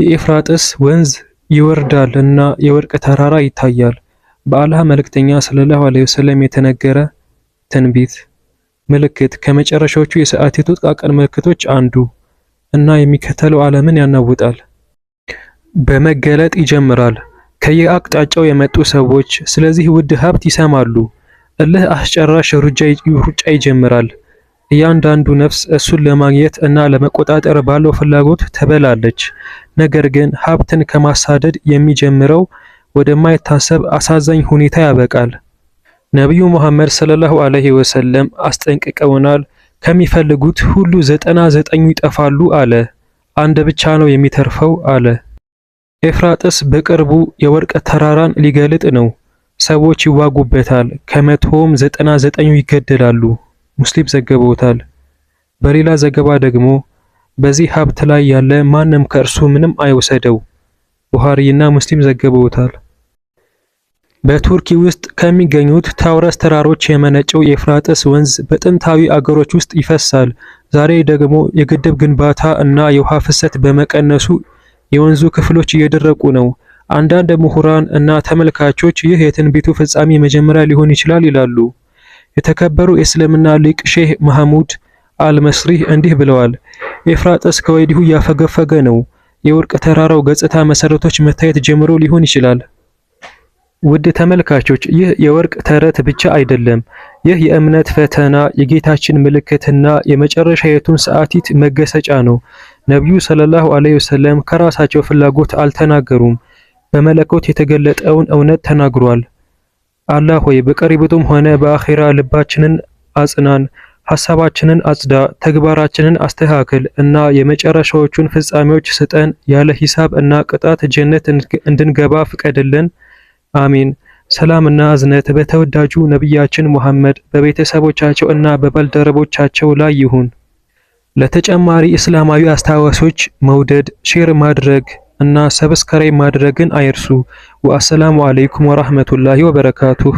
የኤፍራጥስ ወንዝ ይወርዳል እና የወርቅ ተራራ ይታያል። በአላህ መልእክተኛ ሰለላሁ ዐለይሂ ወሰለም የተነገረ ትንቢት ምልክት ከመጨረሻዎቹ የሰዓቲቱ ጥቃቅን ምልክቶች አንዱ እና የሚከተለው ዓለምን ያናውጣል። በመገለጥ ይጀምራል። ከየአቅጣጫው የመጡ ሰዎች ስለዚህ ውድ ሀብት ይሰማሉ። እልህ አስጨራሽ ሩጫ ይጀምራል። እያንዳንዱ ነፍስ እሱን ለማግኘት እና ለመቆጣጠር ባለው ፍላጎት ትበላለች። ነገር ግን ሀብትን ከማሳደድ የሚጀምረው ወደማይታሰብ አሳዛኝ ሁኔታ ያበቃል። ነቢዩ መሐመድ ሰለላሁ ዐለይሂ ወሰለም አስጠንቅቀውናል። ከሚፈልጉት ሁሉ ዘጠና ዘጠኙ ይጠፋሉ አለ፣ አንድ ብቻ ነው የሚተርፈው አለ። ኤፍራጥስ በቅርቡ የወርቅ ተራራን ሊገልጥ ነው። ሰዎች ይዋጉበታል፣ ከመቶም ዘጠና ዘጠኙ ይገደላሉ። ሙስሊም ዘግበውታል። በሌላ ዘገባ ደግሞ በዚህ ሀብት ላይ ያለ ማንም ከእርሱ ምንም አይወሰደው ቡሃሪና ሙስሊም ዘግበውታል። በቱርኪ ውስጥ ከሚገኙት ታውረስ ተራሮች የመነጨው የኤፍራጥስ ወንዝ በጥንታዊ አገሮች ውስጥ ይፈሳል። ዛሬ ደግሞ የግድብ ግንባታ እና የውሃ ፍሰት በመቀነሱ የወንዙ ክፍሎች እየደረቁ ነው። አንዳንድ ምሁራን እና ተመልካቾች ይህ የትንቢቱ ፍጻሜ መጀመሪያ ሊሆን ይችላል ይላሉ። የተከበሩ የእስልምና ሊቅ ሼህ መሐሙድ አልመስሪህ እንዲህ ብለዋል። ኤፍራጥስ ከወዲሁ እያፈገፈገ ነው። የወርቅ ተራራው ገጽታ መሰረቶች መታየት ጀምሮ ሊሆን ይችላል። ውድ ተመልካቾች ይህ የወርቅ ተረት ብቻ አይደለም። ይህ የእምነት ፈተና፣ የጌታችን ምልክትና የመጨረሻ የቱን ሰዓቲት መገሰጫ ነው። ነቢዩ ሰለላሁ ዐለይሂ ወሰለም ከራሳቸው ፍላጎት አልተናገሩም። በመለኮት የተገለጠውን እውነት ተናግሯል። አላህ ሆይ በቀሪብቱም ሆነ በአኼራ ልባችንን አጽናን፣ ሐሳባችንን አጽዳ፣ ተግባራችንን አስተካክል እና የመጨረሻዎቹን ፍጻሜዎች ስጠን። ያለ ሂሳብ እና ቅጣት ጀነት እንድንገባ ፍቀድልን። አሚን። ሰላም እና እዝነት በተወዳጁ ነቢያችን ሙሐመድ በቤተሰቦቻቸው እና በባልደረቦቻቸው ላይ ይሁን። ለተጨማሪ እስላማዊ አስታዋሾች መውደድ፣ ሼር ማድረግ እና ሰብስክራይብ ማድረግን አይርሱ። ወአሰላሙ አለይኩም ወራህመቱላሂ ወበረካቱሁ